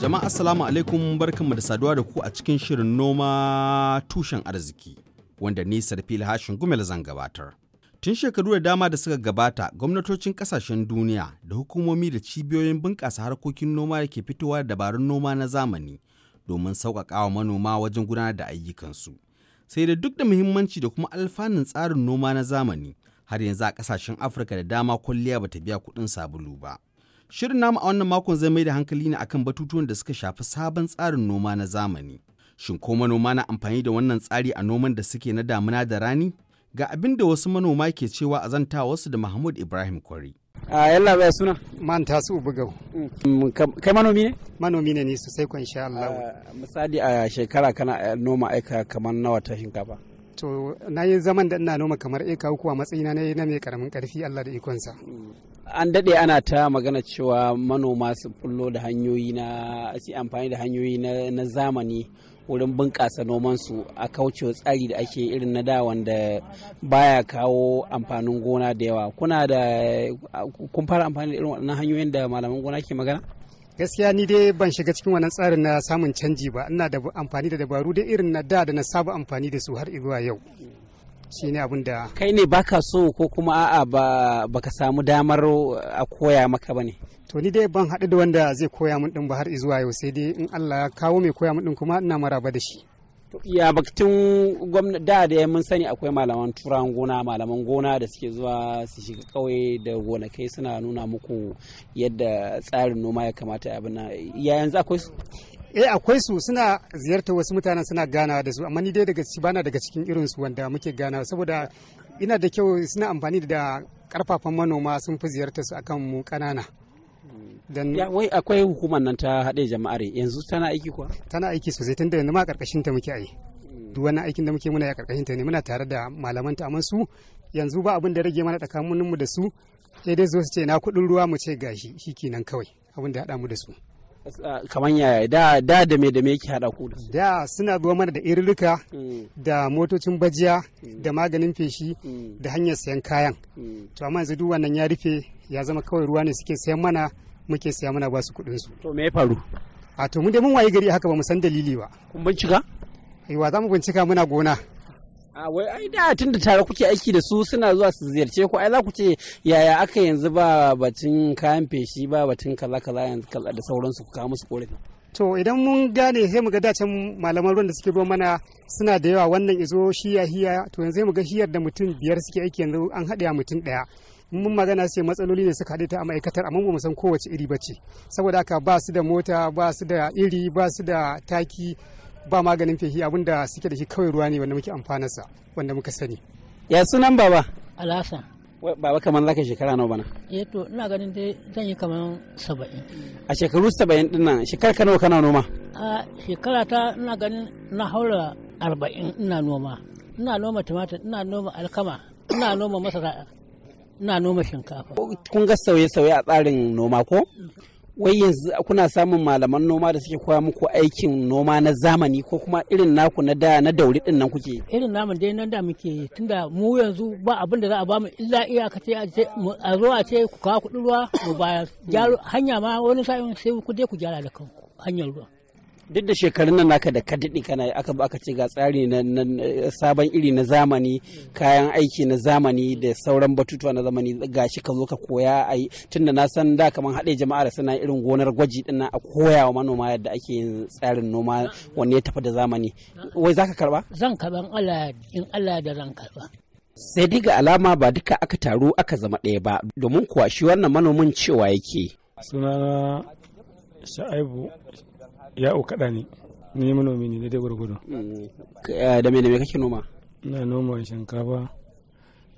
Jama'a Assalamu alaikum barkanmu da saduwa da ku a cikin shirin noma tushen arziki wanda ni Sarfil Hashin Gumel zan gabatar. Tun shekaru da dama da suka gabata, gwamnatocin kasashen duniya da hukumomi da cibiyoyin bunƙasa harkokin noma da ke fitowa da dabarun noma na zamani domin sauƙaƙa wa manoma wajen gudanar da ayyukansu. Sai da duk da muhimmanci da kuma alfanun tsarin noma na zamani, har yanzu a kasashen Afirka da dama kwalliya bata biya kuɗin sabulu ba. Shirin namu a wannan makon zai mai da hankali ne akan batutuwan da suka shafi sabon tsarin noma na zamani. Shin ko manoma na amfani da wannan tsari a noman da suke na damuna da rani? Ga abin da wasu manoma ke cewa a zanta wasu da Mahmud Ibrahim Kwari. A yalla bai suna manta su bugau. Mm. Mm, kai manomi ne? Manomi ne ne sosai ko insha Allah. Misali a shekara kana noma aika kamar nawa ta shinkafa. to na yi zaman da ina noma kamar eka uku a matsayina na na mai karamin karfi Allah da ikonsa an daɗe ana ta magana cewa manoma su fullo da hanyoyi na su amfani da hanyoyi na zamani wurin bunƙasa nomansu a kauce tsari da ake irin na da wanda baya kawo amfanin gona da yawa kuna da kun fara amfani da irin waɗannan hanyoyin da malaman gona ke magana gaskiya ni dai ban shiga cikin wannan tsarin na samun canji ba ina da amfani da dabaru da irin na da da na saba amfani da su har zuwa yau shi ne abin da kai ne baka so ko kuma a'a ba baka samu damar a koya maka ba ne to ni dai ban haɗu da wanda zai koya min ɗin ba har zuwa yau sai dai in Allah ya kawo mai koya min din kuma ina maraba da shi ya bakitin da da mun sani akwai malaman turan gona malaman gona da suke zuwa su shiga kauye da gonakai suna nuna muku yadda tsarin noma ya kamata ya bina ya yanzu akwai su eh akwai su suna ziyartar wasu mutanen suna gana da su amma ni dai daga bana daga cikin irin su wanda muke gana saboda ina da kyau suna amfani da karfafan manoma sun fi ziyartar su akan mu kanana ya wai akwai hukumar nan ta haɗe jama'ar yanzu tana aiki kuwa tana aiki sosai tunda yanzu ma karkashin ta muke ai hmm. duk wani aikin da muke muna ya karkashin ta ne muna tare da malaman ta amansu su yanzu ba abin da rage mana tsakanin mu da su sai dai zo su ce na kuɗin ruwa mu ce gashi shikenan kawai abin da haɗa mu da su kamar yaya da da da me da me yake hada ku da suna zuwa mana da irirka hmm. da motocin bajiya hmm. da maganin feshi da hanyar sayan kayan to amma yanzu duk wannan ya rufe ya zama kawai ruwa ne suke sayan mana muke siya muna basu kuɗin su to me ya faru a to mun dai mun waye gari haka ba mu san dalili ba kun bincika aiwa eh, za mu bincika muna gona a wai ai da tunda tare kuke aiki da su suna zuwa su ziyarce ku ai za ku ce yaya aka yanzu ba batun kayan feshi ba batun kala kala yanzu kala da sauransu ku kawo musu korafi to idan mun gane sai mu ga dacen malaman ruwan da suke ruwa mana suna da yawa wannan izo shiya hiya to yanzu mu ga hiyar da mutum biyar suke aiki yanzu an haɗe mutum ɗaya mun magana sai matsaloli ne suka haɗe ta a ma'aikatar amma ba mu san kowace iri ba ce saboda haka ba su da mota ba su da iri ba su da taki ba maganin fehi abin da suke da shi kawai ruwa ne wanda muke amfanarsa wanda muka sani ya sunan baba alhassan baba kamar zaka shekara nawa bana eh to ina ganin dai zan yi kamar saba'in a shekaru 70 din nan shekar ka nawa kana noma a shekara ta ina ganin na haura arba'in ina noma ina noma tumatir ina noma alkama ina noma masara Ina noma shinkafa. Kun ga sauye-sauye a tsarin noma ko? Wai yanzu kuna samun malaman noma da suke koya muku aikin noma na zamani ko kuma irin naku na da na dauri din nan kuke? Irin namun dai nan da muke tunda mu yanzu ba abin da za a bamu illa iyaka ce a zo a ce ku kawo kuɗin ruwa mu bayar. Hanya ma wani sa'in sai ku dai ku gyara da kanku hanyar ruwa. duk da shekarun nan naka da ka kana aka ba ce ga tsari na sabon iri na zamani kayan aiki na zamani da sauran batutuwa na zamani ga shi ka zo ka koya a yi tunda na san da kamar haɗe jama'ar suna irin gonar gwaji ɗin a koya wa manoma yadda ake yin tsarin noma wanne ya tafi da zamani wai zaka karba zan karba in Allah da zan karba sai dai alama ba duka aka taru aka zama ɗaya ba domin kuwa shi wannan manomin cewa yake sunana sha'aibu ya ukaɗa ne ni manomi ne dai gwargwado mm, da mai da mai kake noma na noma shinkafa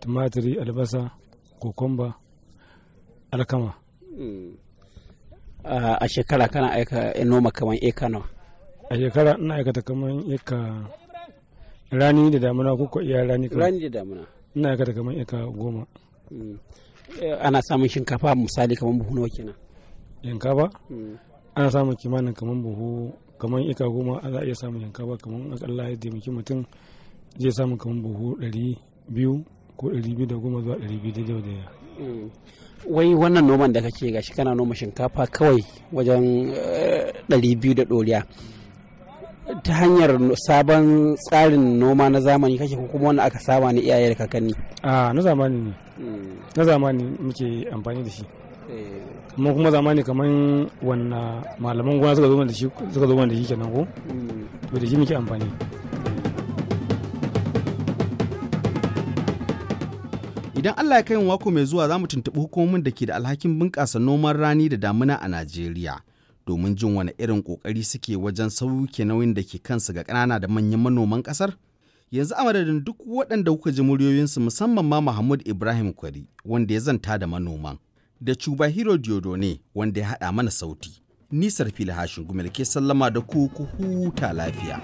tumatiri albasa kokomba alkama mm. a shekara kana aika eh, noma kamar eka nawa a shekara ina aikata kamar eka rani da damuna ko iya rani rani da damuna ina aikata kamar eka goma mm. eh, ana samun shinkafa misali kamar buhu nawa kenan shinkafa ana samun kimanin kamar buhu kamar ika goma za a iya samun yanka ba kamar akalla ya taimaki mutum zai samun kamar buhu ɗari biyu ko ɗari biyu da goma zuwa ɗari biyu daidai da ya mm. wai wannan noman da kake gashi kana noma shinkafa kawai wajen eh, ɗari biyu da ɗoriya ta hanyar sabon tsarin noma na zamani kake ko kuma wanda aka saba ne iyaye da kakanni a ah, na zamani ne mm. na zamani muke amfani da shi Eh. mu kuma zamani kamar wanna malaman gona suka zo da shi ke nan ko mm. to da shi muke amfani idan Allah ya kai wako mai zuwa za mu tuntuɓi hukumomin da ke da alhakin bunƙasa noman rani da damuna a Najeriya domin jin wani irin ƙoƙari suke wajen sauke nauyin da ke kansu ga ƙanana da manyan manoman ƙasar. Yanzu a madadin duk waɗanda kuka ji muryoyinsu musamman ma Mahmud Ibrahim Kwari wanda ya zanta da manoman. da chuba diodo ne wanda ya haɗa mana sauti. Nisar fili hashin gumel ke sallama da ku ku huta lafiya.